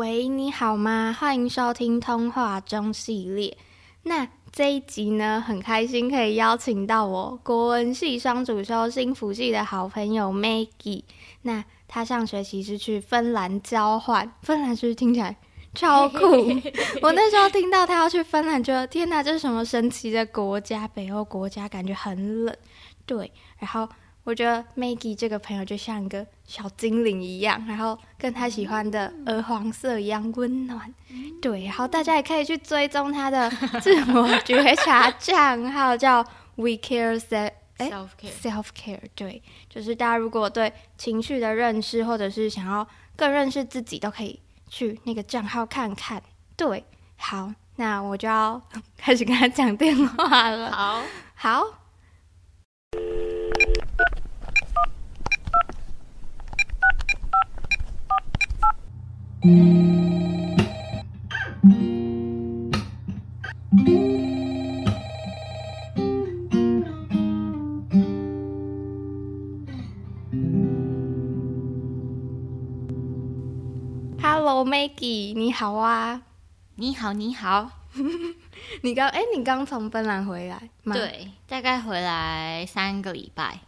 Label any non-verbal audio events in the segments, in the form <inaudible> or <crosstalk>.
喂，你好嗎？歡迎收聽通話中系列。那這一集呢，很開心可以邀請到我國文系雙主修心輔系的好朋友 Maggie。那她上學期是去芬蘭交換，芬蘭是不是聽起來超酷？ <laughs> 我那時候聽到她要去芬蘭，覺得天哪，這是什麼神奇的國家？北歐國家，感覺很冷。對，然後。我覺得 Maggie 這個朋友就像一個小精靈一樣，然後跟她喜歡的鵝黃色一樣溫暖。對，好，大家也可以去追蹤她的自我覺察賬號， <laughs> 叫 We Care Se、欸、Self Self Care。Self Care，對，就是大家如果對情緒的認識，或者是想要更認識自己，都可以去那個賬號看看。對，好，那我就要開始跟她講電話了。好，好。Hello Maggie，你好啊！你好，你好。 <laughs> 你剛哎，你剛從芬蘭回來嗎？對，大概回來三個禮拜，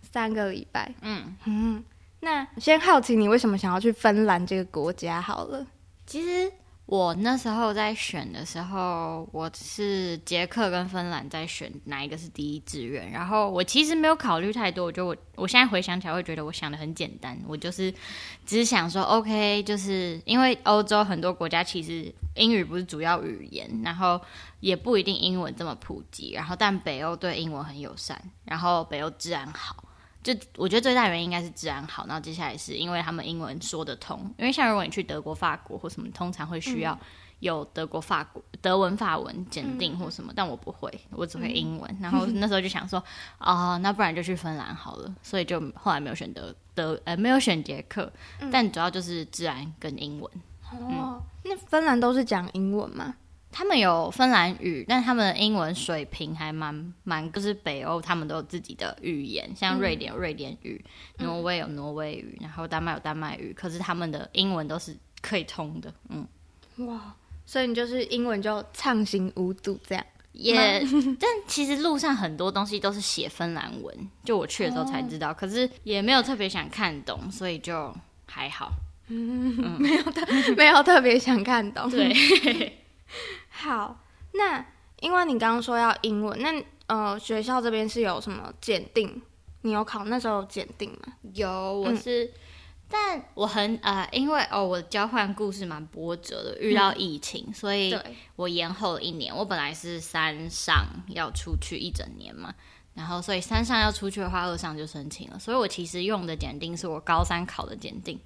三個禮拜。嗯嗯。 <laughs> 那先好奇你為什麼想要去芬蘭這個國家好了。其實我那時候在選的時候，我是捷克跟芬蘭在選哪一個是第一志願。然後我其實沒有考慮太多，就我我我現在回想起來會覺得我想的很簡單，我就是只是想說，OK，就是因為歐洲很多國家其實英語不是主要語言，然後也不一定英文這麼普及，然後但北歐對英文很友善，然後北歐治安好。就我覺得最大原因應該是治安好，然後接下來是因為他們英文說得通，因為像如果你去德國、法國或什麼，通常會需要有德國、法國、嗯、德文、法文檢定或什麼，嗯、但我不會，我只會英文。嗯、然後那時候就想說啊、嗯哦，那不然就去芬蘭好了，所以就後來沒有選擇德,德呃沒有選捷克，嗯、但主要就是治安跟英文。哦，嗯、那芬蘭都是講英文嗎？他們有芬蘭語，但他們的英文水平還蠻蠻，就是北歐他們都有自己的語言，像瑞典有瑞典語，嗯、挪威有挪威語，然後丹麥有丹麥語。嗯、可是他們的英文都是可以通的，嗯，哇，所以你就是英文就暢行無阻，這樣也。 <laughs> 但其實路上很多東西都是寫芬蘭文，就我去的時候才知道，哦、可是也沒有特別想看懂，所以就還好，嗯，嗯沒，沒有特沒有特別想看懂， <laughs> 對。 <laughs> 好，那因為你剛剛說要英文，那呃學校這邊是有什麼檢定？你有考那時候檢定嗎？有，我是，但、嗯、我很呃，因為哦我的交換故事蠻波折的，遇到疫情，嗯、所以我延後了一年。我本來是三上要出去一整年嘛，然後所以三上要出去的話，二上就申請了。所以我其實用的檢定是我高三考的檢定。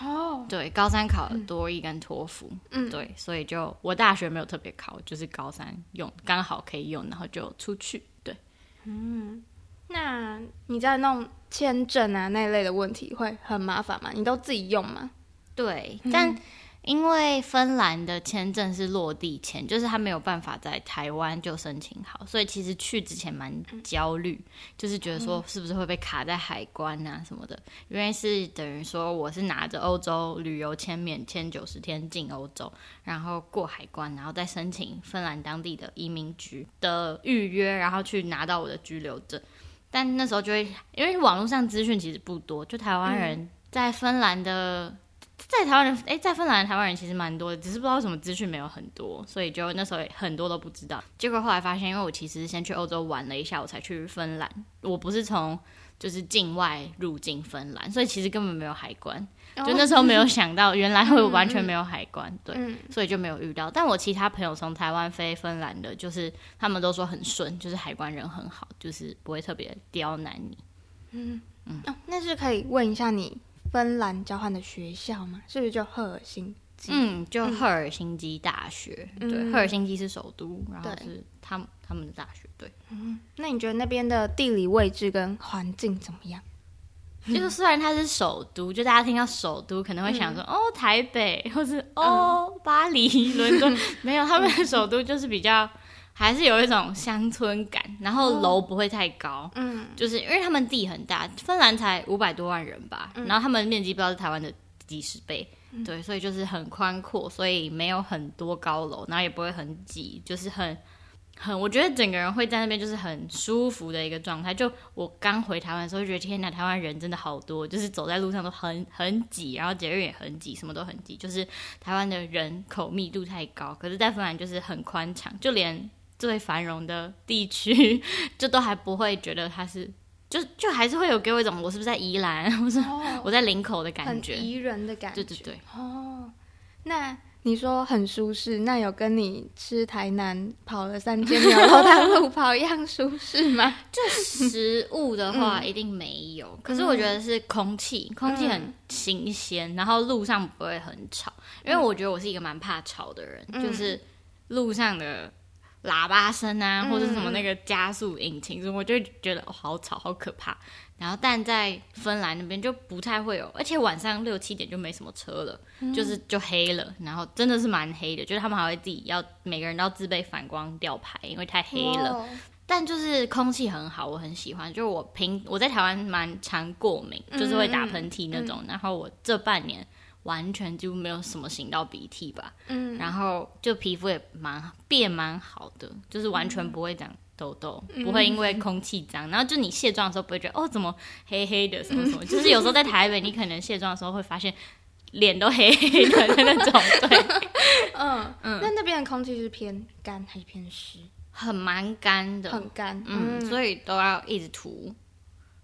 哦，oh. 對，高三考了多益跟托福，嗯，對，所以就我大學沒有特別考，就是高三用剛好可以用，然後就出去，對，嗯，那你在弄簽證啊那一類的問題會很麻煩嗎？你都自己用嗎？對，但這樣、嗯。因為芬蘭的簽證是落地簽，就是他沒有辦法在台灣就申請好，所以其實去之前蠻焦慮，嗯、就是覺得說是不是會被卡在海關啊什麼的。因為是等於說我是拿着歐洲旅遊簽免，免簽九十天進歐洲，然後過海關，然後再申請芬蘭當地的移民局的預約，然後去拿到我的居留證。但那時候就會因為網絡上資訊其實不多，就台灣人在芬蘭的。在台灣人誒、欸，在芬蘭台灣人其實蠻多的，只是不知道為什麼資訊沒有很多，所以就那時候很多都不知道。結果後來發現，因為我其實先去歐洲玩了一下，我才去芬蘭，我不是從就是境外入境芬蘭，所以其實根本沒有海關。哦、就那時候沒有想到，原來會完全沒有海關，嗯、對，嗯、所以就沒有遇到。但我其他朋友從台灣飛芬蘭的，就是他們都說很順，就是海關人很好，就是不會特別刁難你。嗯嗯、哦，那是可以問一下你。芬蘭交換的學校嘛，是不是叫赫爾辛基？嗯，就赫爾辛基大學。嗯、對，赫爾辛基是首都，然後是他們對他們的大學。對，嗯、那你覺得那邊的地理位置跟環境怎麼樣？就是雖然它是首都，就大家聽到首都可能會想說、嗯、哦台北，或是哦巴黎、嗯、倫敦，沒有他們的首都就是比較。還是有一種鄉村感，然後樓不會太高，哦、嗯，就是因為他們地很大，芬蘭才五百多萬人吧，然後他們面積不知道是台灣的幾十倍，嗯、對，所以就是很寬闊，所以沒有很多高樓，然後也不會很擠，就是很很，我覺得整個人會在那邊就是很舒服的一個狀態。就我剛回台灣的時候，就覺得天哪、啊，台灣人真的好多，就是走在路上都很很擠，然後捷運也很擠，什麼都很擠，就是台灣的人口密度太高。可是，在芬蘭就是很寬敞，就連。最繁榮的地區，就都還不會覺得它是，就就還是會有給我一種我是不是在宜蘭，我是、哦、 <laughs> 我在林口的感覺，宜人的感覺，對對對，哦，那你說很舒適，那有跟你吃台南 <laughs> 跑了三天然後他路跑一樣舒適嗎？ <laughs> 就食物的話，一定沒有，嗯、可是我覺得是空氣，嗯、空氣很新鮮，然後路上不會很吵，嗯、因為我覺得我是一個蠻怕吵的人，嗯、就是路上的。喇叭聲啊，或者什麼那個加速引擎、嗯、我就覺得、哦、好吵，好可怕。然後，但在芬蘭那邊就不太會有，而且晚上六七點就沒什麼車了，嗯、就是就黑了，然後真的是蠻黑的，就是他們還會自己要每個人都要自備反光吊牌，因為太黑了。哇但就是空氣很好，我很喜歡。就是我平我在台灣蠻常過敏，嗯、就是會打噴嚏那種。嗯嗯、然後我這半年。完全就沒有什麼擤到鼻涕吧，嗯，然後就皮膚也蠻變蠻好的，就是完全不會長痘痘，嗯、不會因為空氣髒，嗯、然後就你卸妝的時候不會覺得哦怎麼黑黑的什麼什麼，嗯、就是有時候在台北你可能卸妝的時候會發現臉都黑黑的那種， <laughs> 對，嗯嗯，嗯但那那邊的空氣是偏乾還是偏濕？很蠻乾的，很乾乾，嗯，嗯所以都要一直塗。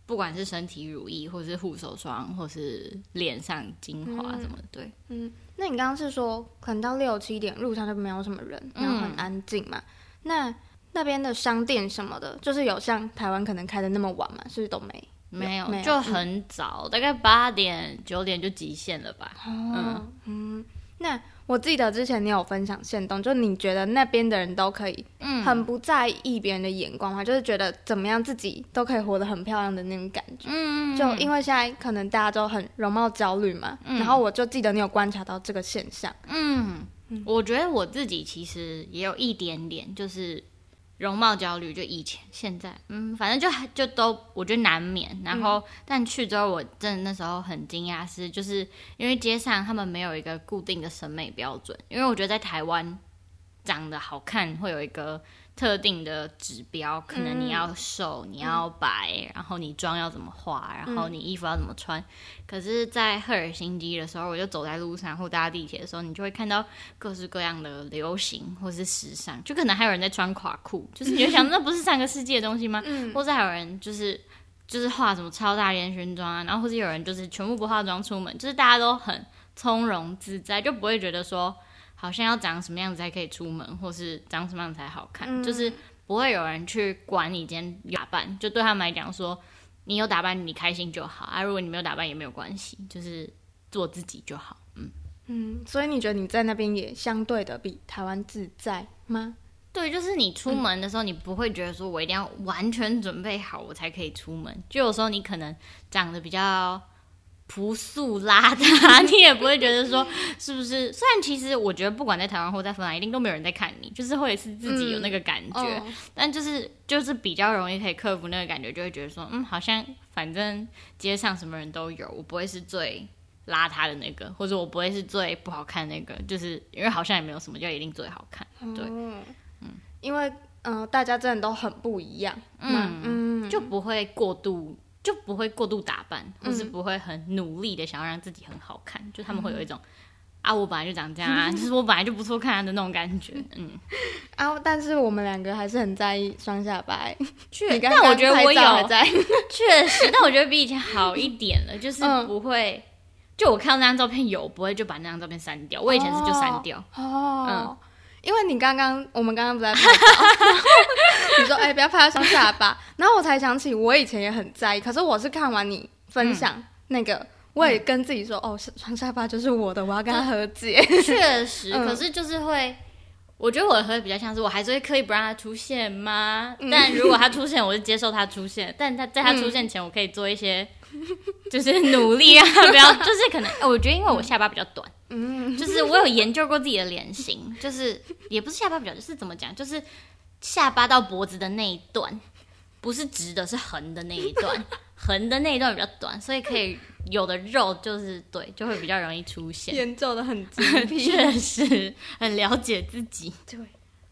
不管是身體乳液，或是護手霜，或是臉上精華、啊嗯、什麼對，嗯，那你剛剛是說，可能到六七點路上就沒有什麼人，然後很安靜嘛？嗯、那那邊的商店什麼的，就是有像台灣可能開的那麼晚嗎？是不是都沒沒有，有沒有就很早，嗯、大概八點九點就極限了吧？哦、嗯嗯，那。我記得之前你有分享限動，就你覺得那邊的人都可以，很不在意別人的眼光，嗯、就是覺得怎麼樣自己都可以活得很漂亮的那種感覺。嗯，嗯，嗯，就因為現在可能大家都很容貌焦慮嘛，嗯、然後我就記得你有觀察到這個現象。嗯，嗯，我覺得我自己其實也有一點點，就是。容貌焦慮，就以前、現在，嗯，反正就就都，我覺得難免。然後，嗯、但去之後，我真的那時候很驚訝，是就是因為街上他們沒有一個固定的審美標準。因為我覺得在台灣，長得好看會有一個。特定的指標，可能你要瘦，你要白，嗯、然後你妝要怎麼化，然後你衣服要怎麼穿。嗯、可是，在赫爾辛基的時候，我就走在路上或搭地鐵的時候，你就會看到各式各樣的流行或是時尚，就可能還有人在穿垮褲，就是你就想 <laughs> 那不是上個世紀的東西嗎？嗯、或者還有人就是就是化什麼超大煙熏妝啊，然後或者有人就是全部不化妝出門，就是大家都很從容自在，就不會覺得說。好像要長什麼樣子才可以出門，或是長什麼樣子才好看？嗯，就是不會有人去管你今天打扮。就對他們來講說，你有打扮你開心就好啊。如果你沒有打扮也沒有關係，就是做自己就好。嗯嗯，所以你覺得你在那邊也相對的比台灣自在嗎？對，就是你出門的時候，你不會覺得說我一定要完全準備好我才可以出門。就有時候你可能長得比較。樸素邋遢，你也不會覺得說是不是？ <laughs> 雖然其實我覺得，不管在台灣或在芬蘭，一定都沒有人在看你，就是或者是自己有那個感覺，嗯哦、但就是就是比較容易可以克服那個感覺，就會覺得說，嗯，好像反正街上什麼人都有，我不會是最邋遢的那個，或者我不會是最不好看的那個，就是因為好像也沒有什麼就一定最好看，嗯、對，嗯，因為嗯、呃，大家真的都很不一樣，嗯嗯，嗯就不會過度。就不會過度打扮，或是不會很努力的想要讓自己很好看，嗯、就他們會有一種、嗯、啊，我本來就長這樣啊， <laughs> 就是我本來就不錯看的那種感覺。嗯，啊，但是我們兩個還是很在意雙下巴。確， <laughs> 但我覺得我有在，確 <laughs> 實，但我覺得比以前好一點了，就是不會。嗯、就我看到那張照片有，不會就把那張照片刪掉。哦、我以前是就刪掉。哦，嗯。因為你剛剛，我們剛剛不在拍照， <laughs> 然後你說哎、欸，不要拍到雙下巴， <laughs> 然後我才想起，我以前也很在意，可是我是看完你分享，、嗯、那個，我也跟自己說，嗯、哦，雙下巴就是我的，我要跟他和解，確、嗯、實，嗯、可是就是會。我覺得我會比較像是，我還是會刻意不讓他出現嗎？嗯、但如果他出現，我就接受他出現。但他在他出現前，嗯、我可以做一些，就是努力啊，不要，就是可能。 <laughs> 我覺得因為我下巴比較短，嗯，就是我有研究過自己的臉型，就是也不是下巴比較，就是怎麼講，就是下巴到脖子的那一段不是直的，是橫的那一段。 <laughs> 臀的那一段比較短，所以可以有的肉就是 <laughs> 對，就會比較容易出現。演奏的很直，確 <laughs> 實很了解自己，對。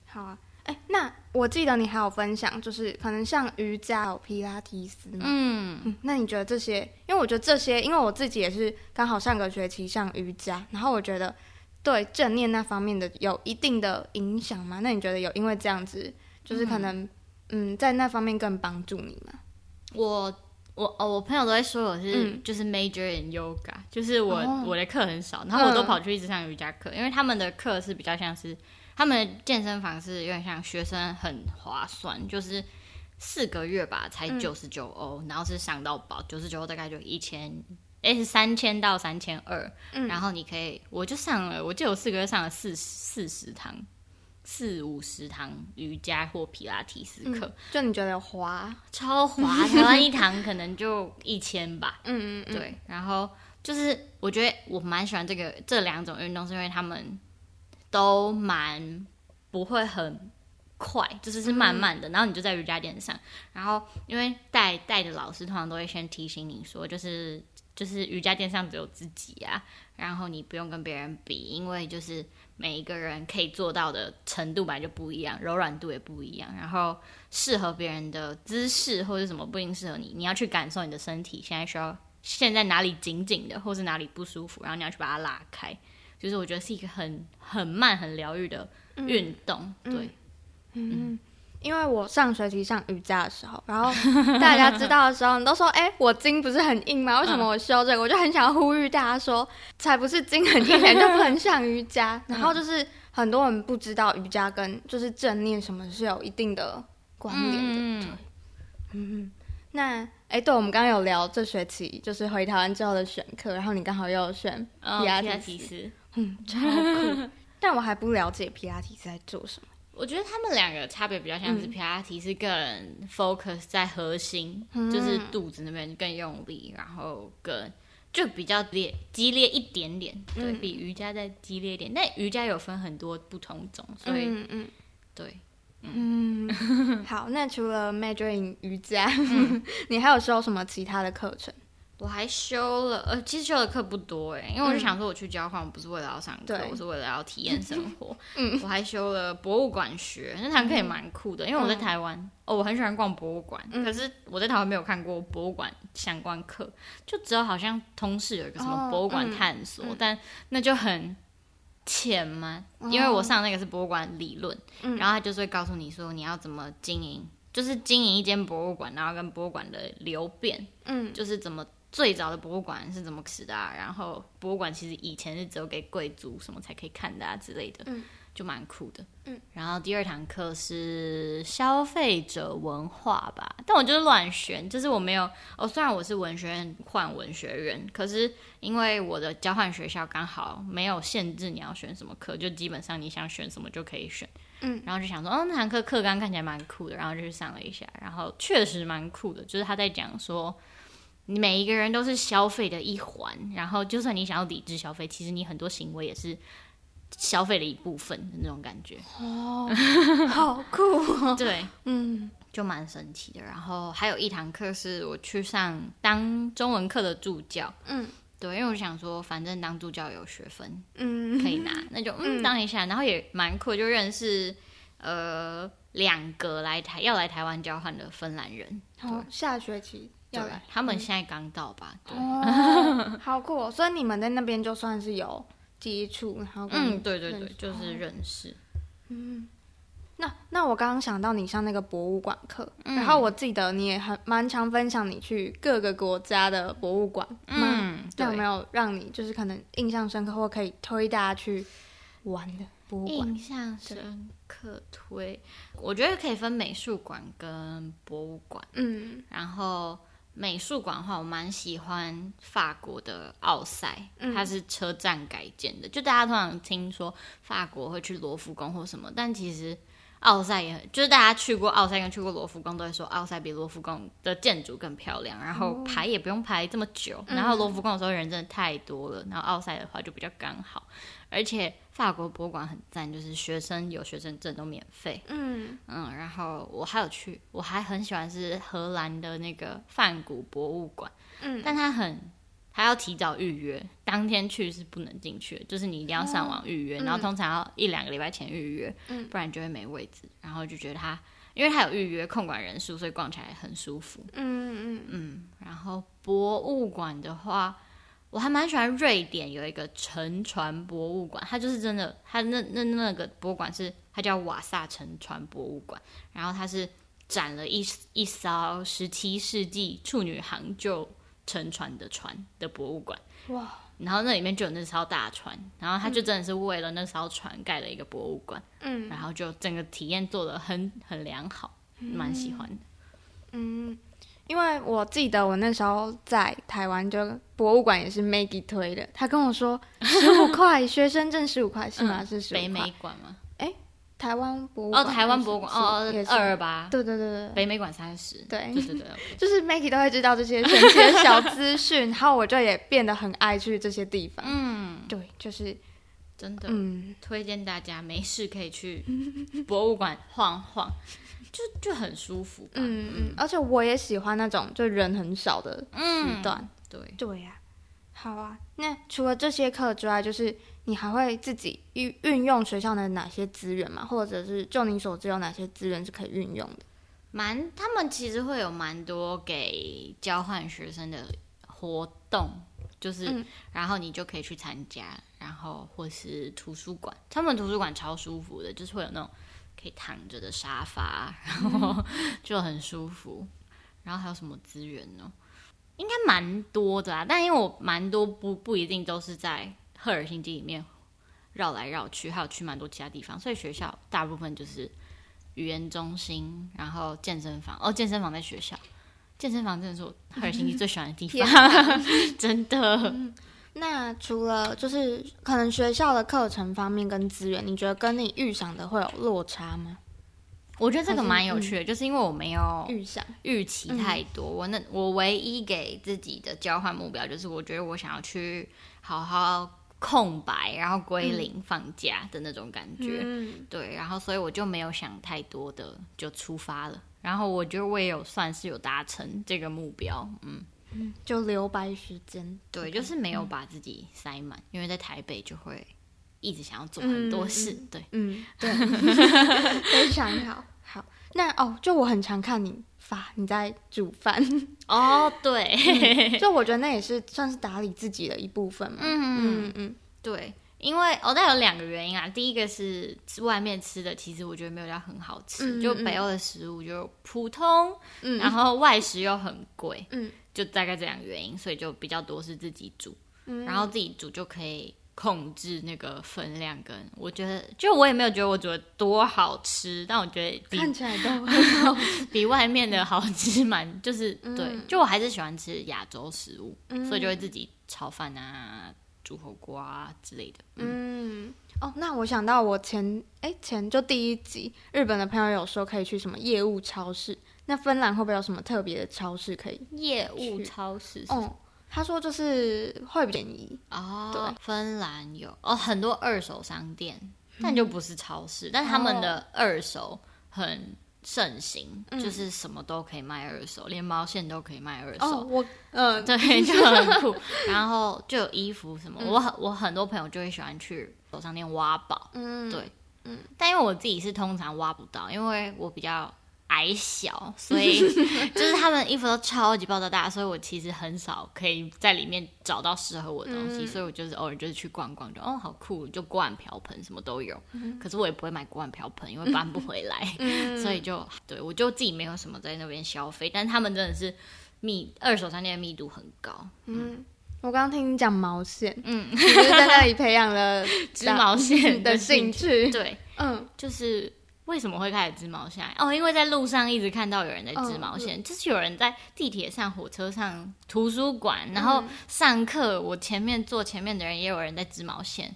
好啊，哎、欸，那我記得你還有分享，就是可能像瑜伽、有、哦、皮拉提斯嘛。嗯，嗯，那你覺得這些？因為我覺得這些，因為我自己也是剛好上個學期上瑜伽，然後我覺得對正念那方面的有一定的影響嘛。那你覺得有？因為這樣子，就是可能嗯，嗯，在那方面更幫助你嗎？我。我哦，我朋友都在說我是就是 major in yoga、嗯、就是我我的課很少，哦、然後我都跑去一直上瑜伽課，嗯、因為他們的課是比較像是，他們的健身房是有點像學生很划算，就是四個月吧才九十九歐，嗯、然後是上到飽，九十九歐大概就一千，嗯，哎是三千到三千二，然後你可以，我就上了，我就有四個月上了四四十堂。四五十堂瑜伽或皮拉提斯課、嗯，就你覺得滑超滑， <laughs> 台灣一堂可能就一千吧。嗯嗯，對。然後就是，我覺得我蠻喜歡這個這兩種運動，是因為他們都蠻不會很快，就是是慢慢的。嗯、然後你就在瑜伽墊上，然後因為帶帶的老師通常都會先提醒你說，就是就是瑜伽墊上只有自己啊，然後你不用跟別人比，因為就是。每一個人可以做到的程度本來就不一樣，柔軟度也不一樣，然後適合別人的姿勢或者什麼不一定適合你，你要去感受你的身體現在需要現在哪裡緊緊的，或是哪裡不舒服，然後你要去把它拉開，就是我覺得是一個很很慢很療癒的運動，嗯、對，嗯。嗯因為我上學期上瑜伽的時候，然後大家知道的時候，你都說：“哎，我筋不是很硬嗎？為什麼我修這個？”我就很想要呼籲大家說：“才不是筋很硬，你就不能上瑜伽。”然後就是很多人不知道瑜伽跟就是正念什麼是有一定的關聯的。嗯，那哎，對我們剛剛有聊這學期就是回臺灣之後的選課，然後你剛好又有選皮拉提斯，嗯，超酷！但我還不了解皮拉提斯在做什麼。我覺得他們兩個差別比較像是皮拉提是更 focus 在核心，嗯、就是肚子那邊更用力，然後更就比較烈激烈一點點，對、嗯、比瑜伽再激烈一點。但瑜伽有分很多不同種，所以嗯嗯，嗯對，嗯，嗯，好，那除了 majoring 瑜伽，嗯、 <laughs> 你還有收什麼其他的課程？我還修了，呃，其實修的課不多哎，因為我就想說，我去交換我不是為了要上課，我是為了要體驗生活。嗯，我還修了博物館學，那堂課也蠻酷的，因為我在台灣，哦，我很喜歡逛博物館，可是我在台灣沒有看過博物館相關課，就只有好像通識有一個什麼博物館探索，但那就很淺嘛，因為我上那個是博物館理論，然後他就是會告訴你說你要怎麼經營，就是經營一間博物館，然後跟博物館的流變，嗯，就是怎麼。最早的博物館是怎麼來的、啊？然後博物館其實以前是只有給貴族什麼才可以看的啊之類的，嗯、就蠻酷的。嗯。然後第二堂課是消費者文化吧，但我就是亂選，就是我沒有哦。雖然我是文學院換文學院，可是因為我的交換學校剛好沒有限制你要選什麼課，就基本上你想選什麼就可以選。嗯。然後就想說，哦，那堂課課綱看起來蠻酷的，然後就去上了一下，然後確實蠻酷的，就是他在講說。你每一個人都是消費的一環，然後就算你想要抵制消費，其實你很多行為也是消費的一部分的那種感覺。哦，好酷、哦！ <laughs> 對，嗯，就蠻神奇的。然後還有一堂課是我去上當中文課的助教。嗯，對，因為我想說，反正當助教有學分，嗯，可以拿，那就嗯當一下。嗯、然後也蠻酷，就認識呃兩個來台要來台灣交換的芬蘭人。好、哦，下學期。對，理他們現在剛到吧？嗯、對哦，好酷、哦！所以你們在那邊就算是有接觸，然後嗯，對對對，就是認識。嗯，那那我剛剛想到你上那個博物館課，嗯、然後我記得你也很蠻常分享你去各個國家的博物館。嗯，有沒有讓你就是可能印象深刻，或可以推大家去玩的博物館？印象深刻推，對我覺得可以分美術館跟博物館。嗯，然後。美術館的話，我蠻喜歡法國的奧賽，嗯，它是車站改建的。就大家通常聽說法國會去羅浮宮或什麼，但其實。奧賽也很，就是大家去過奧賽跟去過羅浮宮，都會說奧賽比羅浮宮的建築更漂亮，然後排也不用排這麼久。哦嗯、然後羅浮宮的時候人真的太多了，然後奧賽的話就比較剛好。而且法國博物館很讚，就是學生有學生證都免費。嗯嗯，然後我還有去，我還很喜歡是荷蘭的那個梵谷博物館。嗯，但它很。他要提早預約，當天去是不能進去的，就是你一定要上網預約，嗯、然後通常要一兩個禮拜前預約，嗯、不然就會沒位置。然後就覺得他，因為他有預約控管人數，所以逛起來很舒服。嗯嗯嗯然後博物館的話，我還蠻喜歡瑞典有一個沉船博物館，它就是真的，它那那那個博物館是它叫瓦薩沉船博物館，然後它是展了一一艘十七世紀處女航就。乘船的船的博物館哇，然後那裡面就有那艘大船，嗯、然後他就真的是為了那艘船蓋了一個博物館，嗯，然後就整個體驗做的很很良好，嗯、蠻喜歡嗯，因為我記得我那時候在台灣，就博物館也是 Maggie 推的，他跟我說十五塊 <laughs> 學生證十五塊是嗎？嗯、是北美館嗎？台灣博物館，哦，台灣博物館，二二八，對對對北美館三十，對對對，就是媒 a 都會知道這些神奇小資訊，然後我就也變得很愛去這些地方，嗯，對，就是真的，嗯，推薦大家沒事可以去博物館晃晃，就就很舒服，嗯嗯，而且我也喜歡那種就人很少的時段，對對呀，好啊，那除了這些課之外，就是。你還會自己運運用學校的哪些資源嗎？或者是就你所知，有哪些資源是可以運用的？蠻，他們其實會有蠻多給交換學生的活動，就是、嗯、然後你就可以去參加，然後或是圖書館，他們圖書館超舒服的，就是會有那種可以躺着的沙發，然後就很舒服。嗯、然後還有什麼資源呢？應該蠻多的啊，但因為我蠻多不不一定都是在。赫爾辛基裡面繞來繞去，還有去蠻多其他地方，所以學校大部分就是語言中心，嗯、然後健身房。哦，健身房在學校，健身房真的是我赫爾辛基最喜歡的地方，嗯、 <laughs> 真的、嗯。那除了就是可能學校的課程方面跟資源，你覺得跟你預想的會有落差嗎？我覺得這個蠻有趣的，是嗯、就是因為我沒有預想預期太多。嗯、我那我唯一給自己的交換目標就是，我覺得我想要去好好。空白，然後歸零，放假的那種感覺，嗯、對，然後所以我就沒有想太多的，就出發了。然後我覺得我也有算是有達成這個目標，嗯，嗯就留白時間，對，okay, 就是沒有把自己塞滿，嗯、因為在台北就會一直想要做很多事，嗯、對嗯，嗯，對，非常 <laughs> <laughs> 好，好，那哦，就我很常看你。啊、你在煮飯哦， <laughs> oh, 對，就、嗯、我覺得那也是算是打理自己的一部分嘛。嗯嗯 <laughs> 嗯，對，因為我那、哦、有兩個原因啊，第一個是外面吃的，其實我覺得沒有要很好吃，嗯嗯、就北歐的食物就普通，嗯、然後外食又很貴，嗯，就大概這兩個原因，所以就比較多是自己煮，嗯、然後自己煮就可以。控制那個分量跟我覺得，就我也沒有覺得我煮得多好吃，但我覺得看起來都好 <laughs> 比外面的好吃，吃、嗯。蠻就是對，就我還是喜歡吃亞洲食物，嗯、所以就會自己炒飯啊、煮火鍋啊之類的。嗯,嗯，哦，那我想到我前哎前就第一集日本的朋友有說可以去什麼業務超市，那芬蘭會不會有什麼特別的超市可以業務超市、哦？嗯。他說就是會便宜哦。對，芬蘭有哦很多二手商店，嗯、但就不是超市，但他們的二手很盛行，哦、就是什麼都可以賣二手，嗯、連毛線都可以賣二手。哦、我嗯、呃、對，就很酷。 <laughs> 然後就有衣服什麼，我很我很多朋友就會喜歡去二手商店挖寶。嗯，對，嗯，但因為我自己是通常挖不到，因為我比較。矮小，所以就是他們衣服都超級爆炸大， <laughs> 所以我其實很少可以在裡面找到適合我的東西，嗯、所以我就是偶爾就是去逛逛，就哦好酷，就鍋碗瓢盆什麼都有，嗯、可是我也不會買鍋碗瓢盆，因為搬不回來，嗯、所以就對，我就自己沒有什麼在那邊消費，但他們真的是密二手商店的密度很高。嗯，嗯，我剛剛聽你講毛線，嗯， <laughs> 你就是在那裡培養了織毛線的興趣，嗯、對，嗯，就是。為什麼會開始織毛線？哦，因為在路上一直看到有人在織毛線，哦、就是有人在地鐵上、火車上、圖書館，然後上課，嗯、我前面坐前面的人也有人在織毛線。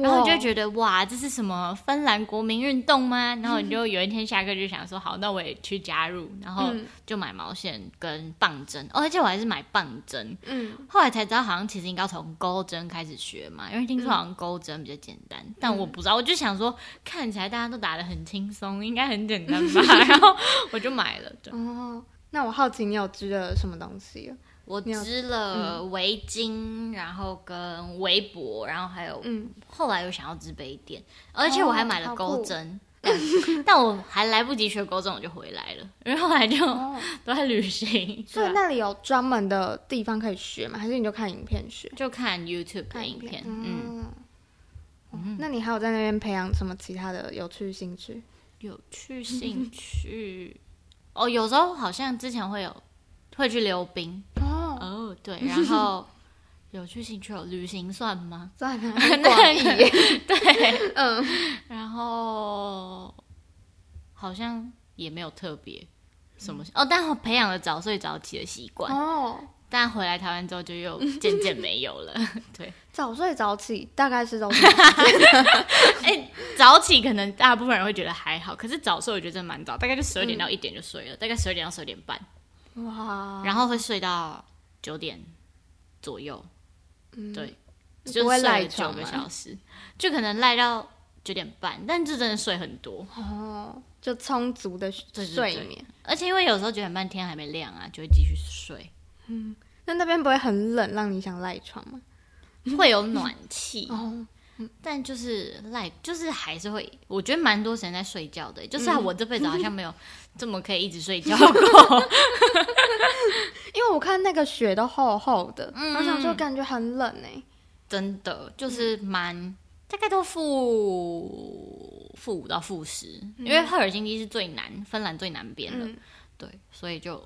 然後就覺得哇，哇，這是什麼芬蘭國民運動嗎？然後你就有一天下課就想說，好，那我也去加入。然後就買毛線跟棒針，嗯、哦，而且我還是買棒針。嗯、後來才知道，好像其實應該要從鈎針開始學嘛，因為聽說好像鈎針比較簡單，但我不知道，嗯、我就想說看起來大家都打得很輕鬆，應該很簡單吧？嗯、然後我就買了。哦，那我好奇你有織的什麼東西？我織了圍巾，嗯、然後跟圍脖，然後還有，後來又想要織杯墊，嗯、而且我還買了鈎針，但我還來不及學鈎針，我就回來了，然後還就都在旅行。哦、吧所以那裡有專門的地方可以學嗎？還是你就看影片學？就看 YouTube，看影片。片嗯，嗯、哦，那你還有在那邊培養什麼其他的有趣興趣？有趣興趣，嗯、哼哦，有時候好像之前會有，會去溜冰。對，然後有去興趣，有旅行算嗎？算的，那也對，嗯，然後好像也沒有特別什麼哦，但我培養了早睡早起的習慣哦，但回來台灣之後就又漸漸沒有了。對，早睡早起大概是早，哎，早起可能大部分人會覺得還好，可是早睡我覺得真的蠻早，大概就十二點到一點就睡了，大概十二點到十二點半，哇，然後會睡到。九點左右，嗯、對，就是，睡九個小時。賴床嗎？就可能賴到九點半，但這真的睡很多哦，就充足的睡眠。對對對，而且因為有時候九點半天還沒亮啊，就會繼續睡。嗯，那那邊不會很冷，讓你想賴床嗎？會有暖氣。嗯、但就是賴，就是還是會，我覺得蠻多時間在睡覺的。嗯、就是啊，我這輩子好像沒有這麼可以一直睡覺過，因為我看那個雪都厚厚的，嗯、我想說感覺很冷呢，真的就是蠻、嗯、大概都負負五到負十、嗯，因為赫爾辛基是最南，芬蘭最南邊了，嗯、對，所以就。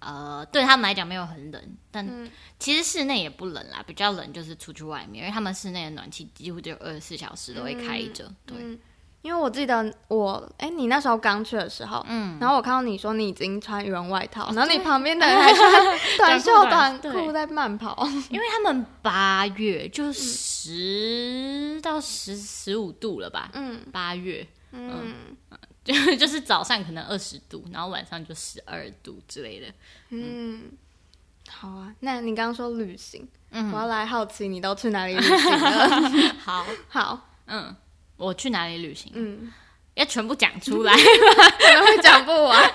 呃，對他們來講沒有很冷，但其實室內也不冷啦，比較冷就是出去外面，因為他們室內的暖氣幾乎就二十四小時都會開着。對，因為我記得我，哎，你那時候剛去的時候，嗯，然後我看到你說你已經穿羽絨外套，然後你旁邊的人還穿短袖短褲在慢跑，因為他們八月就十到十十五度了吧？嗯，八月，嗯。 <laughs> 就是早上可能二十度，然後晚上就十二度之類的。嗯，嗯好啊。那你剛剛說旅行，嗯、我要來好奇你都去哪裡旅行了？ <laughs> 好，好，嗯，我去哪裡旅行？嗯，要全部講出來，可能會講 <laughs> <laughs> 不完。 <laughs>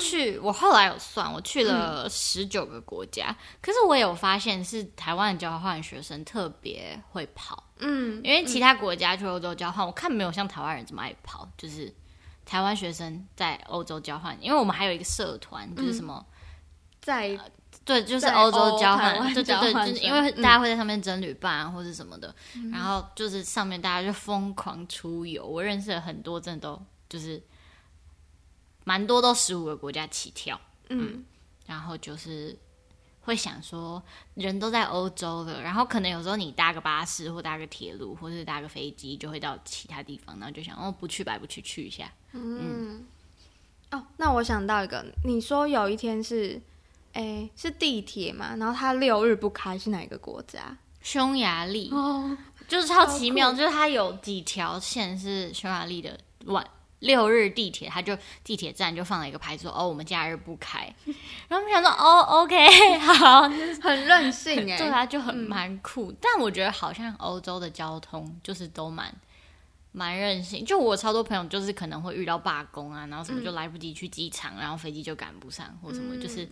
去，我後來有算，我去了十九個國家。嗯、可是我也有發現，是台灣的交換學生特別會跑。嗯，因為其他國家去歐洲交換，嗯、我看沒有像台灣人這麼愛跑。就是台灣學生在歐洲交換，因為我們還有一個社團，就是什麼、嗯、在、呃、對，就是歐洲交換，就對，對對，就是因為大家會在上面徵旅伴、啊、或是什麼的，嗯、然後就是上面大家就瘋狂出遊。我認識了很多，真的都就是蠻多都十五個國家起跳，嗯，嗯，然後就是。會想說，人都在歐洲了，然後可能有時候你搭個巴士或搭個鐵路或者搭個飛機就會到其他地方，然後就想哦，不去白不去，去一下。嗯，哦，那我想到一個，你說有一天是，哎，是地鐵嘛？然後它六日不開是哪一個國家？匈牙利哦，oh, 就是超奇妙，酷就是它有幾條線是匈牙利的六日地鐵，他就地鐵站就放了一個牌子說，哦，我們假日不開。然後我們想說，哦，OK，好， <laughs> 很任性對、欸，對他、啊、就很蠻酷。嗯、但我覺得好像歐洲的交通就是都蠻蠻任性。就我超多朋友就是可能會遇到罷工啊，然後什麼就來不及去機場，嗯、然後飛機就趕不上或什麼，就是。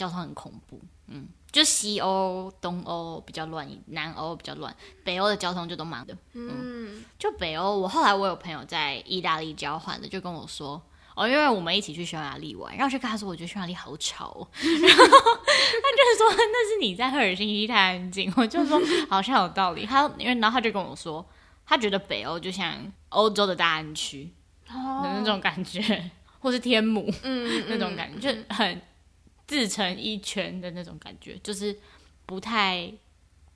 交通很恐怖，嗯，就西歐、東歐比較亂，南歐比較亂，北歐的交通就都忙的，嗯，嗯就北歐。我後來我有朋友在意大利交換的，就跟我說，哦，因為我們一起去匈牙利玩，然後我就跟他說，我覺得匈牙利好吵， <laughs> 然後他就說 <laughs> 那是你在赫爾辛基太安靜，我就說好像有道理。他因為然後他就跟我說，他覺得北歐就像歐洲的大安區的那種感覺，哦、或是天母、嗯、那種感覺，嗯、就很。自成一圈的那種感覺，就是不太、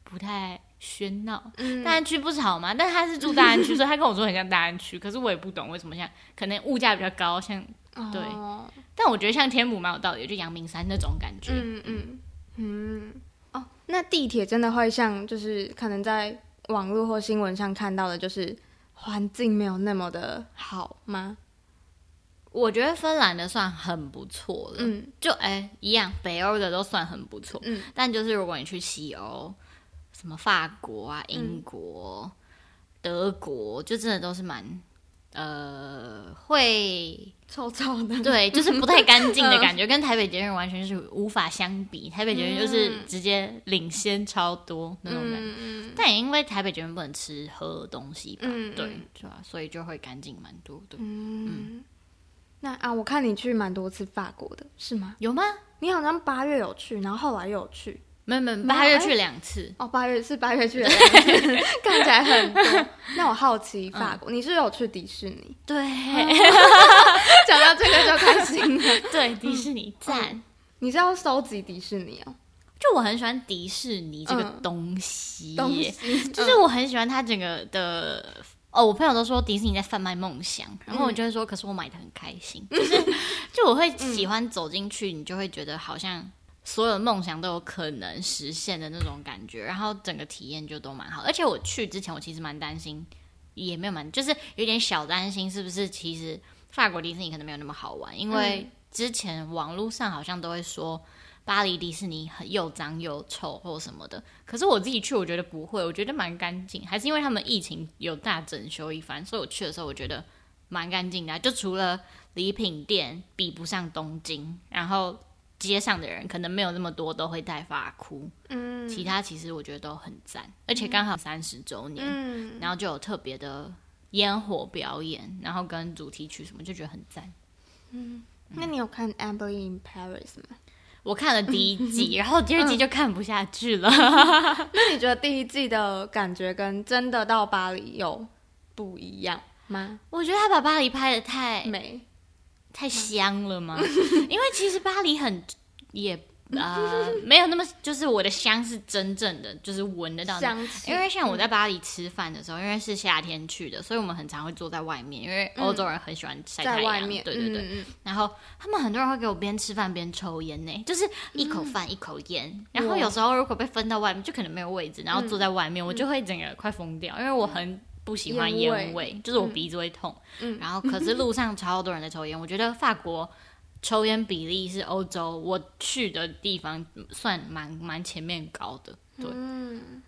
不太喧鬧。嗯，大安區不是好嗎？但他是住大安區，所以他跟我說很像大安區， <laughs> 可是我也不懂為什麼像，可能物價比較高，像對。哦、但我覺得像天母蠻有道理，就陽明山那種感覺。嗯嗯嗯。哦，那地鐵真的會像就是可能在網絡或新聞上看到的，就是環境沒有那麼的好嗎？我覺得芬蘭的算很不錯了，嗯、就哎、欸、一樣，北歐的都算很不錯。嗯，但就是如果你去西歐，什麼法國啊、英國、嗯、德國，就真的都是蠻呃會臭臭的。對，就是不太乾淨的感覺，嗯、跟台北捷運完全是無法相比。台北捷運就是直接領先超多那種感覺。嗯、但也因為台北捷運不能吃喝東西吧，嗯、對，是吧、啊？所以就會乾淨蠻多的。對嗯。嗯那啊，我看你去蠻多次法國的，是嗎？有嗎？你好像八月有去，然後後來又有去。沒有沒有，八月去兩次。哦、oh, 欸，八、oh, 月是八月去了兩次，對 <laughs> 看起來很多。那我好奇法國，嗯、你是，是有去迪士尼？對，講、嗯、 <laughs> 到這個就開心了。對，嗯、迪士尼讚、嗯。你是要蒐集迪士尼哦？就我很喜歡迪士尼這個東西，嗯、東西、嗯、就是我很喜歡它整個的。哦，我朋友都說迪士尼在販賣夢想，然後我就會說，嗯、可是我買的很開心，就是就我會喜歡走進去，嗯、你就會覺得好像所有的夢想都有可能實現的那種感覺，然後整個體驗就都蠻好。而且我去之前，我其實蠻擔心，也沒有蠻，就是有點小擔心，是不是其實法國迪士尼可能沒有那麼好玩？因為之前網絡上好像都會說。巴黎迪士尼很又髒又臭，或什麼的，可是我自己去，我覺得不會，我覺得蠻乾淨，還是因為他們疫情有大整修一番，所以我去的時候我覺得蠻乾淨的。就除了禮品店比不上東京，然後街上的人可能沒有那麼多都會戴髮箍，嗯，其他其實我覺得都很讚，而且剛好三十週年，嗯，然後就有特別的煙火表演，然後跟主題曲什麼，就覺得很讚。嗯，嗯，那你有看《Emily in Paris》嗎？我看了第一季，然後第二季就看不下去了。那、嗯、 <laughs> 你覺得第一季的感覺跟真的到巴黎有不一樣嗎？我覺得他把巴黎拍得太美，太香了嗎？ <laughs> 因為其實巴黎很也。呃，沒有那麼，就是我的香是真正的，就是聞得到、香氣，因為像我在巴黎吃飯的時候，嗯、因為是夏天去的，所以我們很常會坐在外面，因為歐洲人很喜歡曬太陽、嗯。在外面，對對對。嗯嗯、然後他們很多人會給我邊吃飯邊抽菸呢、欸，就是一口飯一口菸。嗯、然後有時候如果被分到外面，就可能沒有位置，然後坐在外面，我就會整個快瘋掉，嗯、因為我很不喜歡菸味，味就是我鼻子會痛。嗯、然後可是路上超多人在抽菸，嗯、我覺得法國。抽煙比例是歐洲我去的地方算蠻蠻前面高的，對，嗯、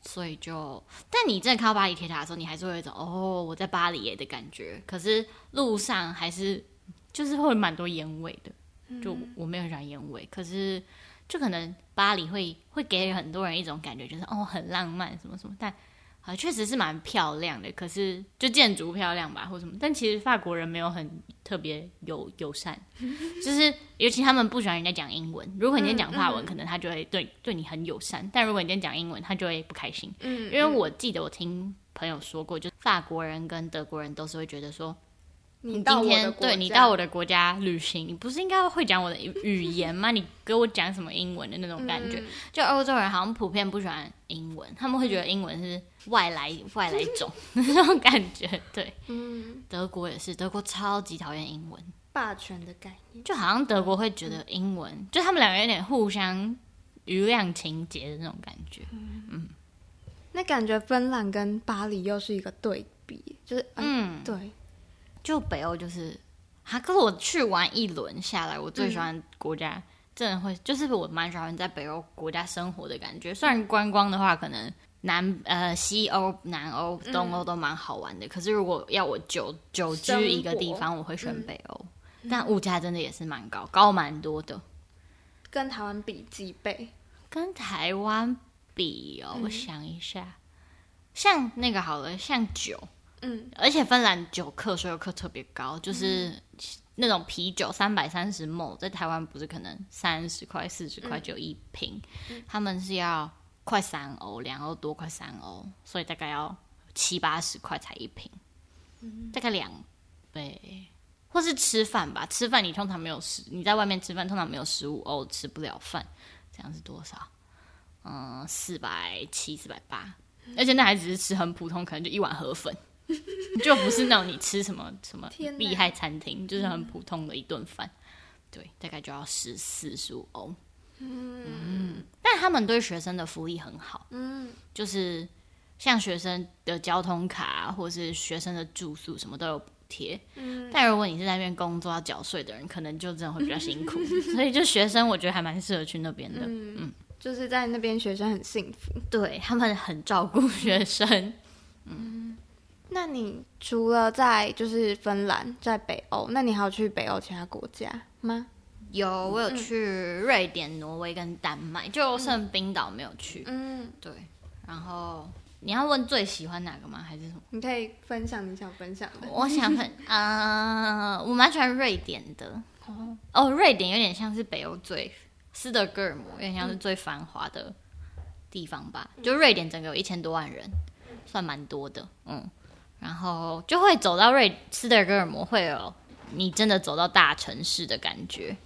所以就，但你真的看巴黎鐵塔的時候，你還是會有一種哦，我在巴黎的感覺。可是路上還是就是會蠻多煙味的，就我沒有染煙味，嗯、可是就可能巴黎會會給很多人一種感覺，就是哦，很浪漫什麼什麼，但。啊，呃、確實是蠻漂亮的，可是就建築漂亮吧，或什麼。但其實法國人沒有很特別友友善，就是尤其他們不喜歡人家講英文。如果你今天講法文，嗯嗯、可能他就會對對你很友善；但如果你今天講英文，他就會不開心。嗯，嗯因為我記得我聽朋友說過，就法國人跟德國人都是會覺得說。你今天對你到我的國家旅行，你不是應該會講我的語言嗎？你給我講什麼英文的那種感覺？就歐洲人好像普遍不喜歡英文，他們會覺得英文是外來外來種那種感覺。對，德國也是，德國超級討厭英文霸權的概念，就好像德國會覺得英文就他們兩個有點互相瑜亮情結的那種感覺。嗯，那感覺芬蘭跟巴黎又是一個對比，就是嗯，對。就北歐就是，哈、啊，可是我去玩一輪下來，我最喜歡國家，嗯、真的會，就是我蠻喜歡在北歐國家生活的感覺。雖然觀光的話，可能南呃西歐、南歐、東歐都蠻好玩的，嗯、可是如果要我久久居一個地方，生活、我會選北歐。嗯、但物價真的也是蠻高，高蠻多的。跟台灣比幾倍？跟台灣比哦，嗯、我想一下，像那個好了，像酒。嗯，而且芬蘭酒克所有克特別高，就是那種啤酒三百三十毫升，在台灣不是可能三十塊四十塊就一瓶？嗯、他們是要快三歐兩歐多快三歐，所以大概要七八十塊才一瓶，嗯、大概兩倍，或是吃飯吧，吃飯你通常沒有十你在外面吃飯通常沒有十五歐吃不了飯，這樣是多少？嗯，四百七四百八，而且那還只是吃很普通，可能就一碗河粉。 <laughs> 就不是那種你吃什麼什麼厲哪害餐廳，就是很普通的一頓飯，嗯、對，大概就要十四十五歐，嗯，但他們對學生的福利很好，嗯，就是像學生的交通卡或者是學生的住宿什麼都有補貼，嗯、但如果你是在那邊工作要繳稅的人，可能就真的會比較辛苦，嗯、所以就學生我覺得還蠻適合去那邊的，嗯，嗯就是在那邊學生很幸福，對他們很照顧學生，嗯。嗯那你除了在就是芬蘭，在北歐，那你還有去北歐其他國家嗎？有，我有去瑞典、嗯、挪威跟丹麥，就剩冰島沒有去。嗯，對。然後你要問最喜歡哪個嗎？還是什麼？你可以分享你想分享的。我想很啊、 <laughs> 呃，我蠻喜歡瑞典的。哦哦，瑞典有點像是北歐最斯德哥爾摩，有點像是最繁華的地方吧？嗯、就瑞典整個有一千多萬人，算蠻多的。嗯。然後就會走到瑞斯德哥爾摩，會有你真的走到大城市的感覺。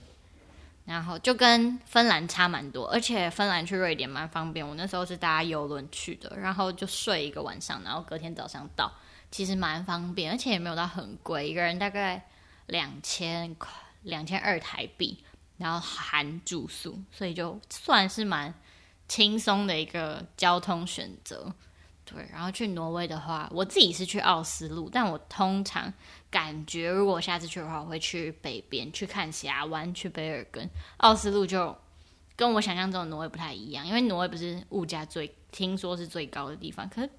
然後就跟芬蘭差蠻多，而且芬蘭去瑞典蠻方便。我那時候是搭郵輪去的，然後就睡一個晚上，然後隔天早上到，其實蠻方便，而且也沒有到很貴，一個人大概兩千塊兩千二台幣，然後含住宿，所以就算是蠻輕鬆的一個交通選擇。對，然後去挪威的話，我自己是去奧斯陸，但我通常感覺，如果下次去的話，我會去北邊去看峽灣，去卑爾根。奧斯陸就跟我想象中的挪威不太一樣，因為挪威不是物價最聽說是最高的地方，可是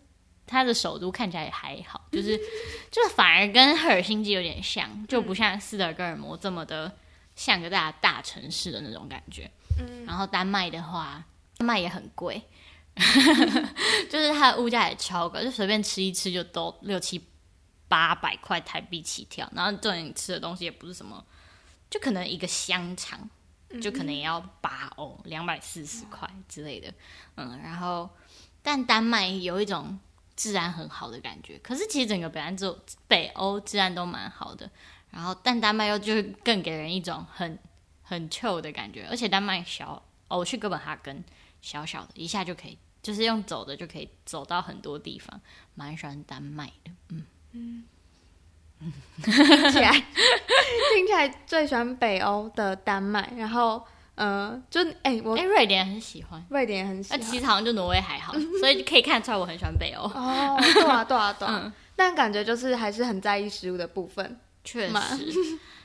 它的首都看起來也還好，就是、嗯、就反而跟赫爾辛基有點像，就不像斯德哥爾摩這麼的像個大大城市的那種感覺。嗯、然後丹麥的話，丹麥也很貴。 <laughs> 就是它的物價也超高，就隨便吃一吃就都六七八百塊台幣起跳。然後對你吃的東西也不是什麼，就可能一個香腸就可能也要八歐，兩百四十塊之類的。嗯，然後但丹麥有一種治安很好的感覺，可是其實整個北岸，北歐治安都蠻好的。然後但丹麥又就是更給人一種很很 chill 的感覺，而且丹麥小，我去哥本哈根，小小的一下就可以。就是用走的就可以走到很多地方，蠻喜歡丹麥的，嗯嗯聽起來 <laughs> 聽起來最喜歡北歐的丹麥，然後嗯、呃，就哎、欸、我哎瑞典很喜歡，瑞典也很喜歡，那、啊、其實好像就挪威還好，嗯、所以就可以看出來我很喜歡北歐哦， <laughs> 哦，對啊對啊對啊，嗯、但感覺就是還是很在意食物的部分，確實，嘛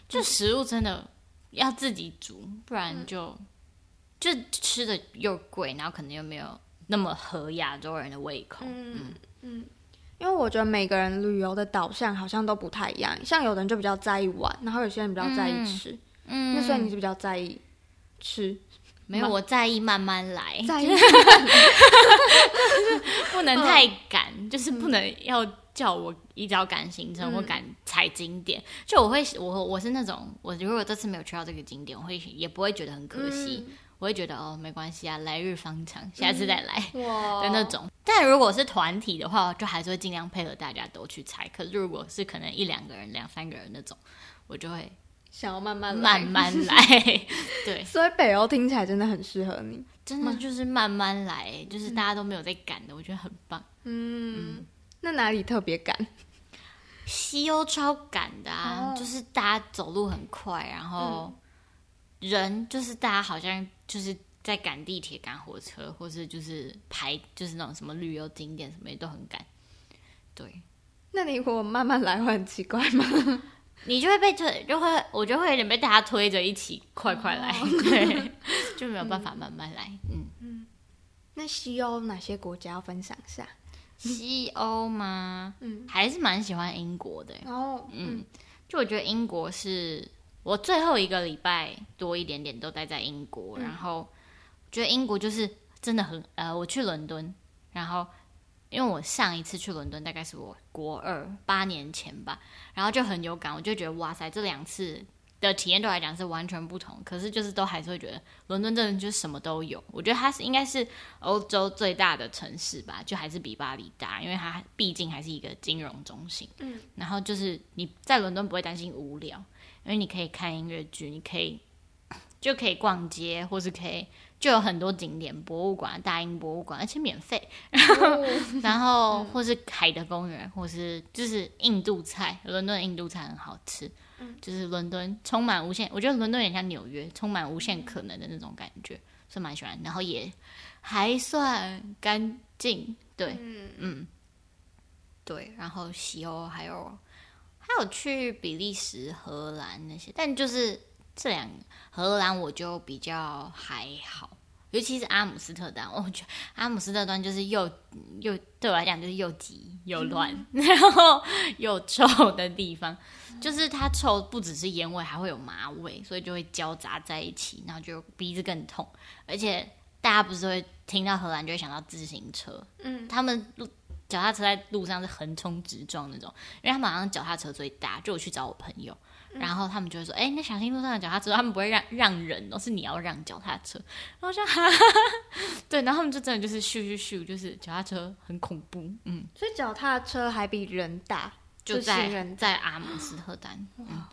就食物真的要自己煮，不然就、嗯、就吃的又貴，然後可能又沒有。那麼合亞洲人的胃口，嗯嗯，因為我覺得每個人旅遊的導向好像都不太一樣，像有的人就比較在意玩，然後有些人比較在意吃，嗯，那所以你是比較在意吃？沒有我在意慢慢來，在意，就是不能太趕，就是不能要叫我一早趕行程，我趕踩景點，就我會，我我是那種，我如果這次沒有去到這個景點，我會也不會覺得很可惜。我會覺得哦，沒關係啊，來日方長，下次再來的那種。嗯哦、但如果是團體的話，就還是會盡量配合大家都去踩。可是如果是可能一兩個人、兩三個人的那種，我就會想要慢慢慢慢來。 <laughs> 對，所以北歐聽起來真的很適合你，真的就是慢慢來，就是大家都沒有在趕的，嗯、我覺得很棒。嗯，嗯，那哪裡特別趕？西歐超趕的啊，哦、就是大家走路很快，然後人就是大家好像。就是在趕地鐵、趕火車，或是就是排，就是那種什麼旅遊景點什麼也都很趕。對，那你如果慢慢來，會很奇怪嗎？ <laughs> 你就會被推，就會我就會有點被大家推着一起快快來，oh. 對， <laughs> <laughs> 就沒有辦法慢慢來。嗯嗯，嗯。那西歐哪些國家要分享一下、啊？西歐嗎？嗯，還是蠻喜歡英國的。然後、oh, 嗯，嗯，就我覺得英國是。我最後一個禮拜多一點點都待在英國，嗯、然後覺得英國就是真的很……呃，我去倫敦，然後因為我上一次去倫敦大概是我國二八年前吧，然後就很有感，我就覺得哇塞，這兩次的體驗對我來講是完全不同，可是就是都還是會覺得倫敦真的就什麼都有。我覺得它是應該是歐洲最大的城市吧，就還是比巴黎大，因為它畢竟還是一個金融中心。嗯，然後就是你在倫敦不會擔心無聊。因為你可以看音樂劇，你可以就可以逛街，或是可以就有很多景點、博物館、大英博物館，而且免費。然後然後或是海德公園，或是就是印度菜，倫敦印度菜很好吃。嗯，就是倫敦充滿無限，我覺得倫敦有點像紐約，充滿無限可能的那種感覺，嗯，所以蠻喜歡。然後也還算乾淨，對，嗯，嗯，對，然後西歐還有，他有去比利時、荷蘭那些，但就是這兩個荷蘭我就比較還好，尤其是阿姆斯特丹，我覺得阿姆斯特丹就是又又對我來講就是又急又亂，嗯、然後又臭的地方，嗯、就是它臭不只是煙味，還會有麻味，所以就會交雜在一起，然後就鼻子更痛。而且大家不是會聽到荷蘭就會想到自行車，嗯，他們路。腳踏車在路上是橫衝直撞那種，因為他馬上腳踏車最大，就我去找我朋友，嗯、然後他們就會說：“哎、欸，那小心路上的腳踏車，他們不會讓讓人哦，是你要讓腳踏車。”然後我就哈哈哈哈，對，然後他們就真的就是咻咻咻咻，就是腳踏車很恐怖。嗯，所以腳踏車還比人大，就在是人在阿姆斯特丹，哇，嗯、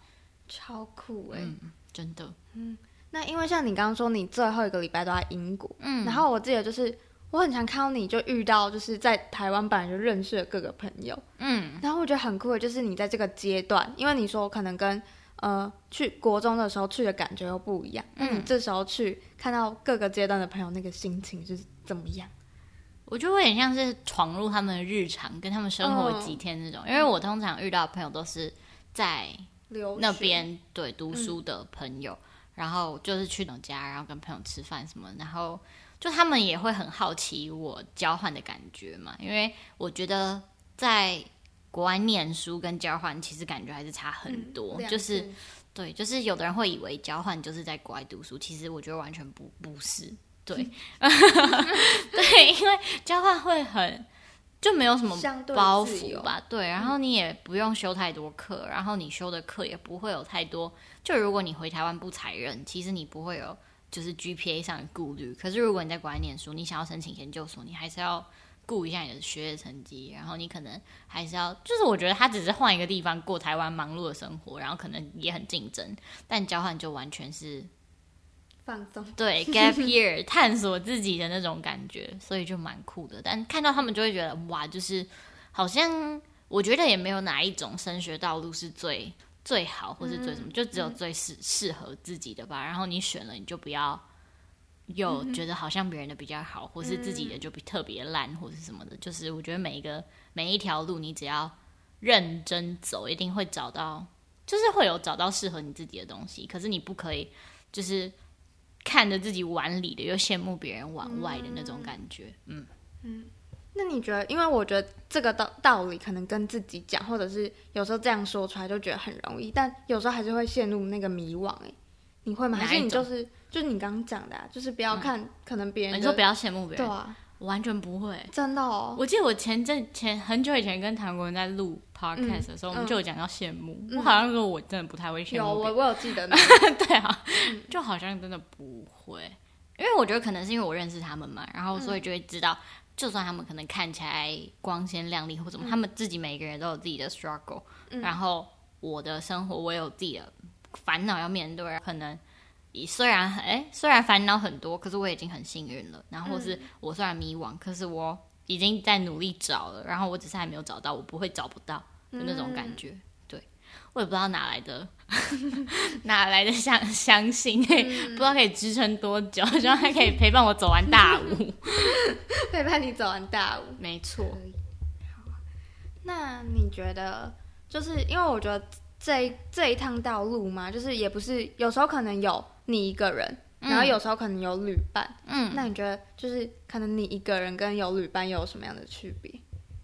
超酷哎、欸、嗯，真的。嗯，那因為像你剛剛說，你最後一個禮拜都在英國，嗯，然後我記得就是。我很常看到你就遇到，就是在台灣本來就認識的各個朋友，嗯，然後我覺得很酷的就是你在這個階段，因為你說可能跟呃去國中的時候去的感覺又不一樣，嗯，這時候去看到各個階段的朋友，那個心情是怎麼樣？我覺得我很像是闖入他們的日常，跟他們生活幾天那種。嗯、因為我通常遇到的朋友都是在那邊流血對讀書的朋友，嗯、然後就是去人家，然後跟朋友吃飯什麼，然後。就他們也會很好奇我交換的感覺嘛，因為我覺得在國外念書跟交換其實感覺還是差很多。嗯、就是，對，就是有的人會以為交換就是在國外讀書，嗯、其實我覺得完全不不是。對，嗯、 <laughs> 對，因為交換會很就沒有什麼包袱吧，對，對，然後你也不用修太多課，然後你修的課也不會有太多。就如果你回台灣不採認，其實你不會有。就是 GPA 上的顧慮，可是如果你在國外念書，你想要申請研究所，你還是要顧一下你的學業成績，然後你可能還是要，就是我覺得他只是換一個地方過台灣忙碌的生活，然後可能也很競爭，但交換就完全是放松鬆，對 gap year <laughs> 探索自己的那種感覺，所以就蠻酷的。但看到他們就會覺得哇，就是好像我覺得也沒有哪一種升學道路是最。最好，或是最什麼，就只有最適適合自己的吧。然後你選了，你就不要又覺得好像別人的比較好，或是自己的就特別爛，或是什麼的。就是我覺得每一個每一條路，你只要認真走，一定會找到，就是會有找到適合你自己的東西。可是你不可以，就是看着自己碗裡的，又羨慕別人碗外的那種感覺。嗯嗯。那你覺得，因為我覺得這個道道理，可能跟自己講，或者是有時候這樣說出來就覺得很容易，但有時候還是會陷入那個迷惘。誒，你會嗎？還是你就是就是你剛剛講的、啊，就是不要看可能別人、嗯，你說不要羨慕別人。對啊，完全不會，真的哦？我記得我前陣前很久以前跟唐國人在錄 podcast、嗯、的時候，我們就有講到羨慕，嗯、我好像說我真的不太會羨慕，我我有記得呢、那個。 <laughs> 對啊，就好像真的不會，嗯、因為我覺得可能是因為我認識他們嘛，然後所以就會知道。嗯就算他們可能看起來光鮮亮麗或怎麼，嗯、他們自己每個人都有自己的 struggle，、嗯、然後我的生活我有自己的煩惱要面對，可能你雖然哎、欸、雖然煩惱很多，可是我已經很幸運了。然後是我雖然迷惘，嗯、可是我已經在努力找了，然後我只是還沒有找到，我不會找不到的那種感覺。嗯我也不知道哪來的， <laughs> <laughs> 哪來的相相信，欸，嗯、不知道可以支撐多久，希望他可以陪伴我走完大五，嗯、 <laughs> 陪伴你走完大五，沒錯錯。那你覺得，就是因為我覺得這一這一趟道路嘛，就是也不是有時候可能有你一個人，然後有時候可能有旅伴，嗯，嗯那你覺得就是可能你一個人跟有旅伴又有什麼樣的區別？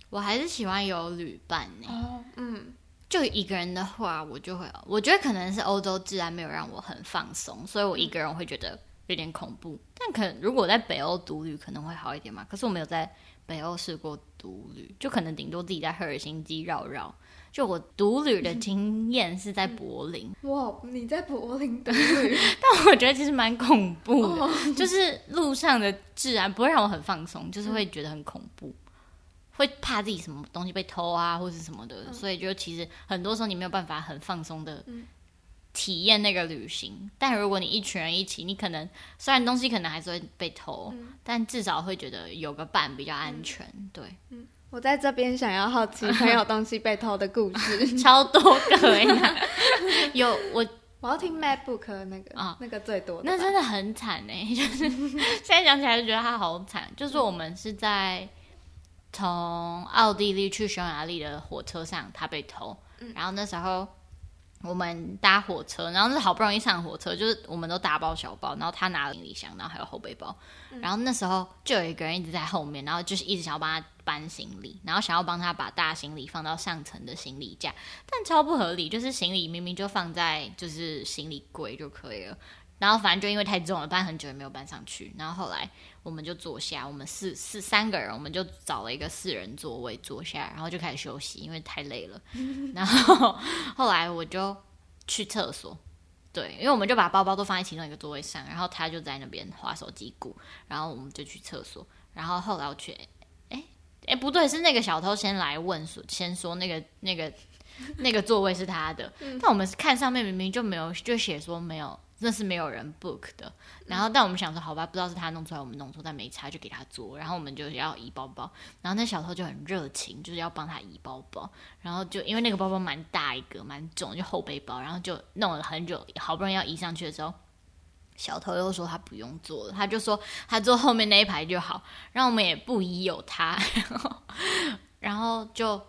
我還是喜歡有旅伴呢，哦，嗯。就一個人的話，我就會，我覺得可能是歐洲治安沒有讓我很放鬆，所以我一個人會覺得有點恐怖。但可能如果我在北歐獨旅可能會好一點嘛？可是我沒有在北歐試過獨旅，就可能頂多自己在赫爾辛基繞繞。就我獨旅的經驗是在柏林、嗯。哇，你在柏林獨旅？ <laughs> 但我覺得其實蠻恐怖的、哦、就是路上的治安不會讓我很放鬆，就是會覺得很恐怖。嗯會怕自己什麼東西被偷啊，或是什麼的，所以就其實很多時候你沒有辦法很放鬆的體驗那個旅行。但如果你一群人一起，你可能雖然東西可能還是會被偷，但至少會覺得有個伴比較安全。對，嗯，我在這邊想要好奇沒有東西被偷的故事，超多個呀。有我，我要聽 MacBook 那個啊，那個最多。那真的很慘哎，就是現在想起來就覺得他好慘。就是我們是在。從奧地利去匈牙利的火車上，他被偷。嗯、然後那時候我們搭火車，然後是好不容易上火車，就是我們都大包小包，然後他拿了行李箱，然後還有後背包。然後那時候就有一個人一直在後面，然後就是一直想要幫他搬行李，然後想要幫他把大行李放到上層的行李架，但超不合理，就是行李明明就放在就是行李櫃就可以了。然後反正就因為太重了，搬很久也沒有搬上去。然後後來我們就坐下，我們四四三個人，我們就找了一個四人座位坐下，然後就開始休息，因為太累了。然後後來我就去廁所，對，因為我們就把包包都放在其中一個座位上，然後他就在那邊滑手機鼓。然後我們就去廁所，然後後來我去，哎哎不對，是那個小偷先來問說，先說那個那個那個座位是他的，但我們看上面明明就沒有，就寫說沒有。那是沒有人 book 的，然後但我們想說，好吧，不知道是他弄出來我們弄錯，但沒差，就給他做。然後我們就要移包包，然後那小偷就很熱情，就是要幫他移包包。然後就因為那個包包蠻大一個，蠻重，就後背包，然後就弄了很久，好不容易要移上去的時候，小偷又說他不用做了，他就說他坐後面那一排就好，然後我們也不疑有他，然後，然後就。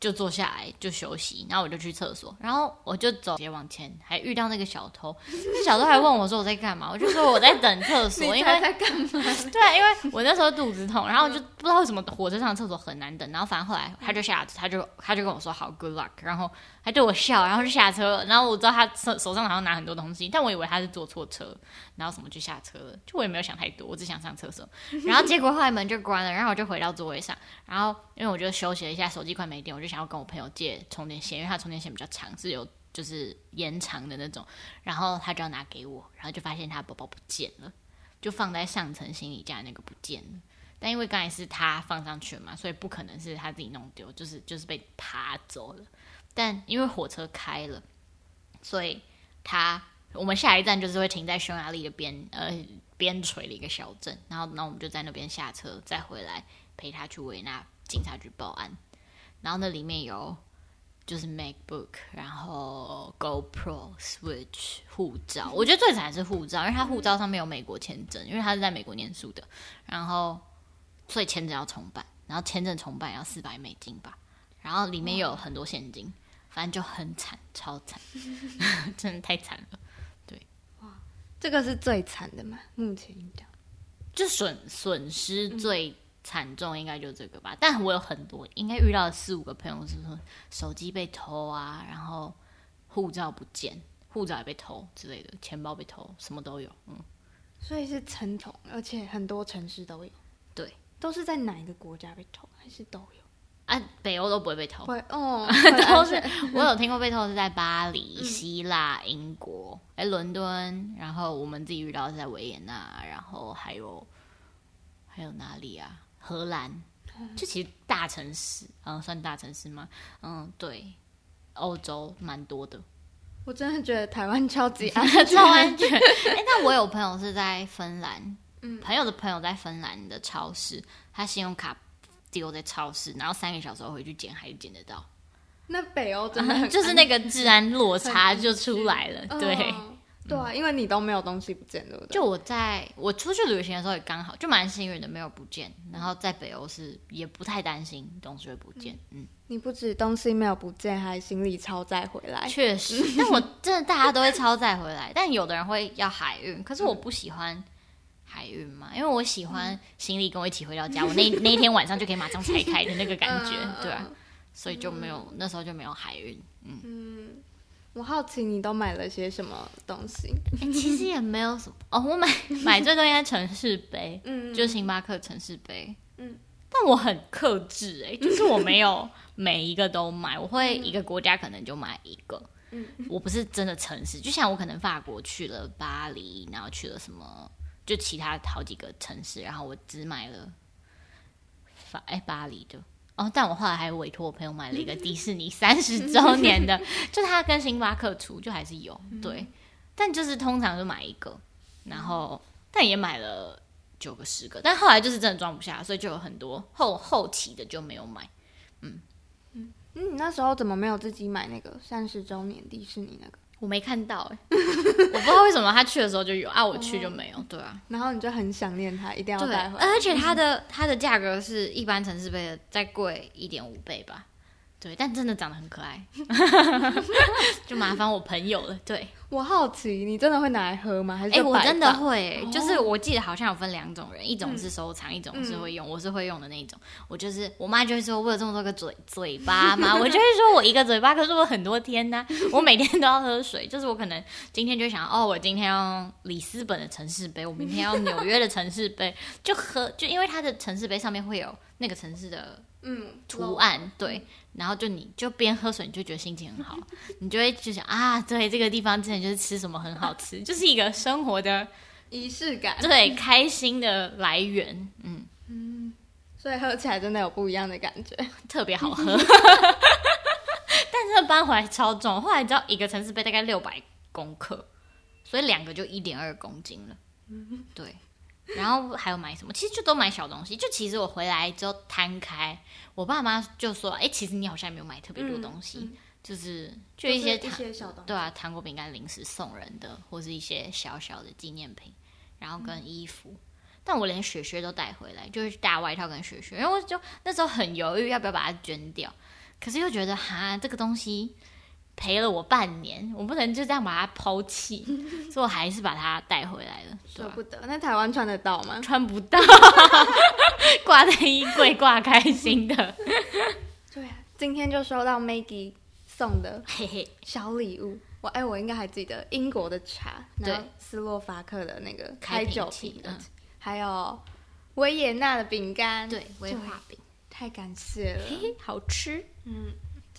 就坐下來就休息，然後我就去廁所，然後我就走，直接往前，還遇到那個小偷，那 <laughs> 小偷還問我說我在幹嘛，我就說我在等廁所， <laughs> 因為你在幹嘛？ <laughs> 對，因為我那時候肚子痛，然後就不知道為什麼火車上廁所很難等，然後反正後來他就下、嗯、他就他就跟我說好 good luck，然後還對我笑，然後就下車了，然後我知道他手手上好像拿很多東西，但我以為他是坐錯車。然後什麼就下車了，就我也沒有想太多，我只想上廁所。然後結果後來門就關了， <laughs> 然後我就回到座位上。然後因為我就休息了一下，手機快沒電，我就想要跟我朋友借充電線，因為他充電線比較長，是有就是延長的那種。然後他就要拿給我，然後就發現他包包不見了，就放在上層行李架那個不見了。但因為剛才是他放上去了嘛，所以不可能是他自己弄丟，就是就是被扒走了。但因為火車開了，所以他。我們下一站就是會停在匈牙利的邊呃邊陲的一個小鎮，然後那我們就在那邊下車，再回來陪他去維也納警察局報案。然後那裡面有就是 MacBook，然後 GoPro、Switch、護照。我覺得最慘是護照，因為他護照上面有美國簽證，因為他是在美國念書的，然後所以簽證要重辦，然後簽證重辦要四百美金吧。然後裡面有很多現金，反正就很慘，超慘， <laughs> 真的太慘了。這個是最慘的嘛？目前講，就損損失最慘重，應該就這個吧。嗯、但我有很多，應該遇到的四五個朋友說說，是說手機被偷啊，然後護照不見，護照也被偷之類的，錢包被偷，什麼都有。嗯，所以是成統，而且很多城市都有。對，都是在哪一個國家被偷，還是都有？啊、北歐都不會被偷，會嗯、會。 <laughs> 都是我有聽過被偷是在巴黎、嗯、希臘、英國，哎、欸，倫敦，然後我們自己遇到的是在維也納，然後還有還有哪裡啊？荷蘭，這、嗯、其實大城市，嗯，算大城市嗎？嗯，對，歐洲蠻多的。我真的覺得台灣超級 <laughs> 超安全，全。哎、欸，那 <laughs> 我有朋友是在芬蘭，嗯、朋友的朋友在芬蘭的超市，他信用卡，丟在超市，然後三個小時後回去撿，還是撿得到。那北歐真的 <laughs> 就是那個治安落差就出來了。 <laughs> 呃、對，對啊，因為你都沒有東西不見對不對，就我在我出去旅行的時候也剛好就蠻幸運的，沒有不見。然後在北歐是也不太擔心東西會不見。嗯，嗯，你不止東西沒有不見，還行李超載回來。確實，但 <laughs> 我真的大家都會超載回來，但有的人會要海運，可是我不喜歡。海運嘛，因為我喜歡行李跟我一起回到家，嗯、我那那一天晚上就可以馬上拆開的那個感覺， <laughs> 嗯、對啊，所以就沒有、嗯、那時候就沒有海運。嗯，嗯，我好奇你都買了些什麼東西？欸、其實也沒有什麼 <laughs> 哦，我買買最多應該城市杯， <laughs> 嗯，就星巴克城市杯，嗯，但我很克制哎，就是我沒有每一個都買， <laughs> 我會一個國家可能就買一個，嗯，我不是真的城市，就像我可能法國去了巴黎，然後去了什麼。就其他好幾個城市，然後我只買了法哎、欸、巴黎的。哦，但我後來還委托我朋友買了一個迪士尼三十周年的， <laughs> 就他跟星巴克出，就還是有，對，嗯、但就是通常就買一個，然後但也買了九個十個，但後來就是真的裝不下，所以就有很多後後期的就沒有買，嗯嗯嗯，你那時候怎麼沒有自己買那個三十周年迪士尼那個？我沒看到哎， <laughs> 我不知道為什麼他去的時候就有 <laughs> 啊，我去就沒有，對啊。然後你就很想念他，一定要帶回來。而且它的、嗯、它的價格是一般城市杯的再貴一點五倍吧。對，但真的長得很可愛， <laughs> 就麻煩我朋友了。對，我好奇，你真的會拿來喝嗎？還是？哎、欸，我真的會，就是我記得好像有分兩種人，哦、一種是收藏，一種是會用。嗯、我是會用的那一種。我就是我媽就會說，我有這麼多個嘴嘴巴嗎？ <laughs> 我就會說我一個嘴巴，可是我很多天呢、啊。我每天都要喝水，就是我可能今天就會想，哦，我今天用里斯本的城市杯，我明天要用紐約的城市杯， <laughs> 就喝，就因為它的城市杯上面會有那個城市的嗯圖案，嗯、對。然後就你就邊喝水，你就覺得心情很好，你就會就想 <laughs> 啊，對，這個地方之前就是吃什麼很好吃， <laughs> 就是一個生活的儀式感，對，開心的來源，嗯嗯，所以喝起來真的有不一樣的感覺，特別好喝。 <laughs> <laughs> 但是搬回來超重，後來你知道一個城市杯大概六百公克，所以兩個就一點二公斤了，嗯，對。然後還有買什麼？其實就都買小東西，就其實我回來之後攤開。我爸媽就說：“哎、欸，其實你好像沒有買特別多東西，嗯嗯、就是就一些糖，些小東西，對啊，糖果餅乾、零食，送人的，或是一些小小的紀念品，然後跟衣服。嗯、但我連雪靴都帶回來，就是大外套跟雪靴。然後我就那時候很猶豫，要不要把它捐掉，可是又覺得哈，這個東西。”陪了我半年，我不能就這樣把它拋棄，所以我還是把它帶回來了，捨 <laughs> 吧不得。那台灣穿得到嗎？穿不到，掛在 <laughs> <laughs> 衣櫃，掛開心的。 <laughs> 對啊，今天就收到 Maggie 送的嘿嘿小禮物。 <laughs> 我哎，我應該還記得英國的茶，對，斯洛伐克的那個開酒器，對還有維也納的餅乾，對，威化餅，太感謝了，嘿嘿，好吃，嗯。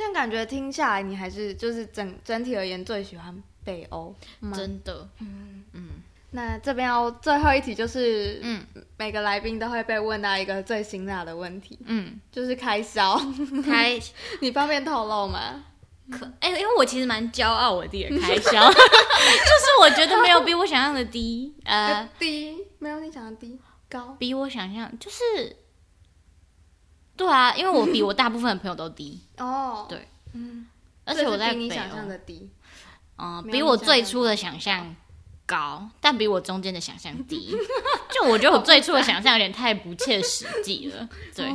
但感覺聽下來，你還是就是整整體而言最喜歡北歐，真的。嗯嗯。嗯那這邊要、哦、最後一題，就是嗯，每個來賓都會被問到一個最辛辣的問題，嗯，就是開銷。開， <laughs> 你方便透露嗎？可，哎、欸，因為我其實蠻驕傲我自己的開銷， <laughs> <laughs> 就是我覺得沒有比我想象的低，好呃，低，沒有你想象的低，高，比我想象就是。對啊，因為我比我大部分的朋友都低哦，對，嗯，而且我在你想象的低，嗯，比我最初的想象高，但比我中間的想象低。就我覺得我最初的想象有點太不切實際了。對，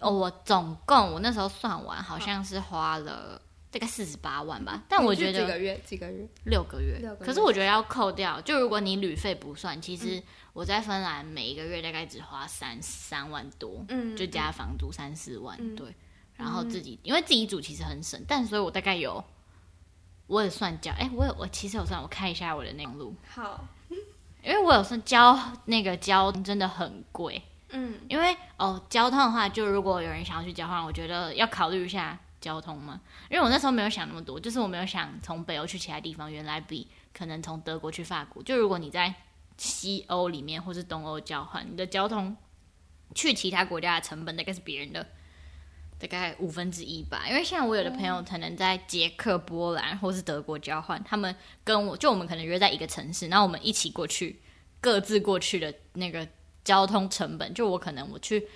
哦，我總共我那時候算完好像是花了大概四十八萬吧，但我覺得幾個月？幾個月？六個月。六個月。可是我覺得要扣掉，就如果你旅費不算，其實。我在芬蘭每一個月大概只花三三萬多，嗯，就加房租三四萬，嗯、對。然後自己、嗯、因為自己住其實很省，但所以我大概有，我也算交，哎、欸，我有我其實有算，我看一下我的那路。好，因為我有算交那個交真的很貴，嗯，因為哦交通的話，就如果有人想要去交換，我覺得要考慮一下交通嘛。因為我那時候沒有想那麼多，就是我沒有想從北歐去其他地方，原來比可能從德國去法國，就如果你在。西歐裡面，或是東歐交換，你的交通去其他國家的成本大概是別人的大概五分之一吧。因為現在我有的朋友可能在捷克、波蘭或是德國交換，嗯、他們跟我就我們可能約在一個城市，然後我們一起過去，各自過去的那個交通成本，就我可能我去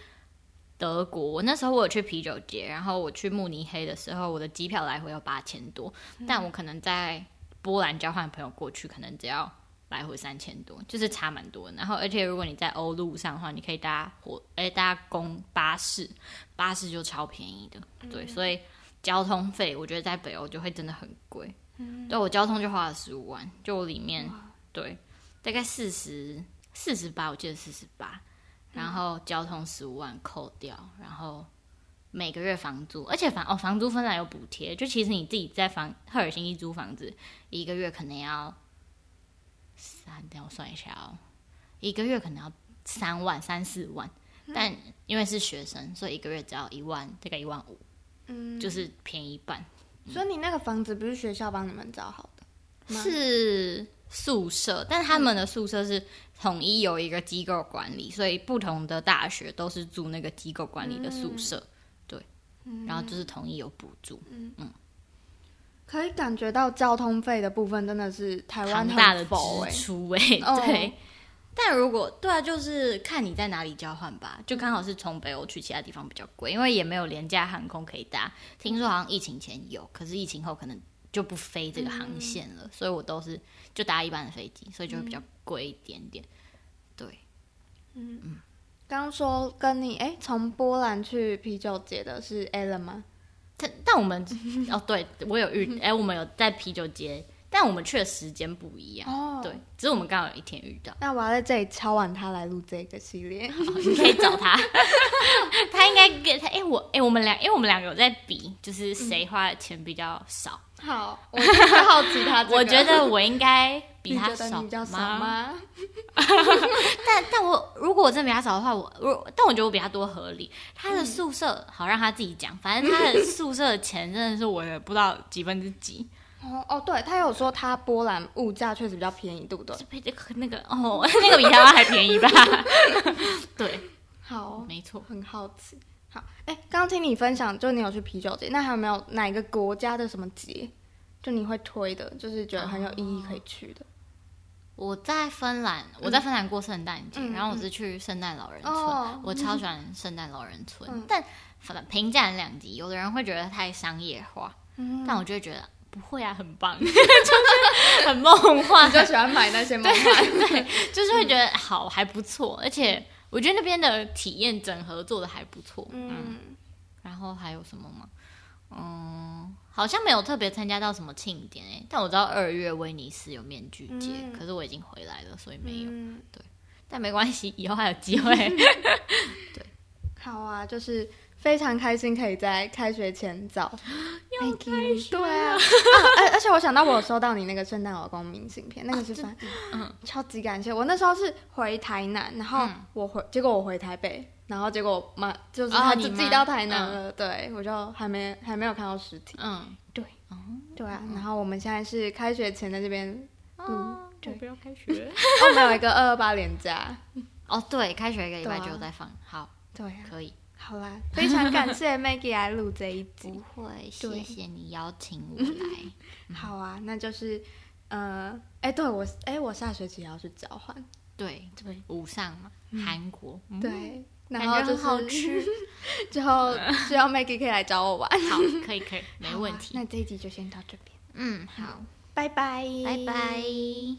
德國，我那時候我有去啤酒節，然後我去慕尼黑的時候，我的機票來回要八千多，嗯、但我可能在波蘭交換朋友過去，可能只要。來回三千多，就是差蠻多的。然後，而且如果你在歐陸上的話，你可以搭火，哎，搭公巴士，巴士就超便宜的。嗯、對，所以交通費我覺得在北歐就會真的很貴。嗯、對，我交通就花了十五萬，就裡面哇對，大概四十四十八，我記得四十八。然後交通十五萬扣掉，嗯、然後每個月房租，而且房哦房租芬蘭有補貼，就其實你自己在房赫爾辛基租房子一個月可能要。三，等我算一下哦，一個月可能要三萬、三四萬，嗯、但因為是學生，所以一個月只要一萬，大概一萬五、嗯，就是便宜一半。嗯、所以你那個房子不是學校幫你們找好的，是宿舍，但他們的宿舍是統一有一個機構管理，嗯、所以不同的大學都是住那個機構管理的宿舍，嗯、對，然後就是統一有補助，嗯。嗯可以感覺到交通費的部分真的是台灣很、欸、大的支出哎、欸，Oh. 對。但如果對啊，就是看你在哪裡交換吧。就剛好是從北歐去其他地方比較貴，因為也沒有廉價航空可以搭。聽說好像疫情前有，可是疫情後可能就不飛這個航線了。嗯、所以我都是就搭一般的飛機，所以就會比較貴一點點。嗯、對，嗯嗯。剛說跟你哎，從、欸、波蘭去啤酒節的是 Alan 嗎？他，但我們、嗯、哼哦，對我有遇哎、嗯哼欸，我們有在啤酒節，嗯、哼但我們去的時間不一樣。哦，對，只是我們剛好有一天遇到。那我要在這裡敲碗他來錄這個系列、哦，你可以找他， <laughs> <laughs> 他應該跟他哎、欸，我哎、欸，我們兩，因、欸、為我們兩個有在比，就是誰花的錢比較少。嗯好，我很好奇他，這個。 <laughs> 我覺得我應該比他少嗎？但但我如果真的比他少的話，我，我但我覺得我比他多合理。他的宿舍，嗯、好讓他自己講，反正他的宿舍的錢真的是我的，不知道幾分之幾。 <laughs> 哦哦，對他有說他波蘭物價確實比較便宜，對不對？這個那個哦，那個比他還便宜吧？ <laughs> <laughs> 對，好，哦，沒錯錯，很好奇。好，哎，剛剛聽你分享，就你有去啤酒節，那還有沒有哪一個國家的什麼節，就你會推的，就是覺得很有意義可以去的？Oh. 我在芬蘭，我在芬蘭過聖誕節，嗯、然後我是去聖誕老人村，oh. 我超喜歡聖誕老人村，但評價兩極，有的人會覺得太商業化，嗯、但我就會覺得不會啊，很棒， <laughs> 就是很夢幻，就 <laughs> 喜歡買那些夢幻對，對，就是會覺得好、嗯、還不錯，而且。我覺得那邊的體驗整合做得還不錯，嗯，嗯然後還有什麼嗎？嗯，好像沒有特別參加到什麼慶典、欸、但我知道二月威尼斯有面具節，嗯、可是我已經回來了，所以沒有。嗯、對，但沒關係，以後還有機會。 <laughs> 對，好啊，就是。非常開心可以在開學前找，要開學對啊，而而且我想到我有收到你那個聖誕老公明信片，那個是算超級感謝。我那時候是回台南，然後我回，結果我回台北，然後結果媽就是他就自己到台南了，對，我就還沒還沒有看到實體。嗯，對，對啊。然後我們現在是開學前在這邊，就不要開學，還有一個二二八連假。哦，對，開學一個禮拜之後再放，好，對，可以。好啦，非常感謝 Maggie 來錄這一集。不會，謝謝你邀請我來。好啊，那就是，呃，哎，對我，哎，我下學期要去交換。對對，五上嘛，韓國。對，然後就好吃。之後需要 Maggie 可以來找我玩。好，可以可以，沒問題。那這一集就先到這邊。嗯，好，拜拜，拜拜。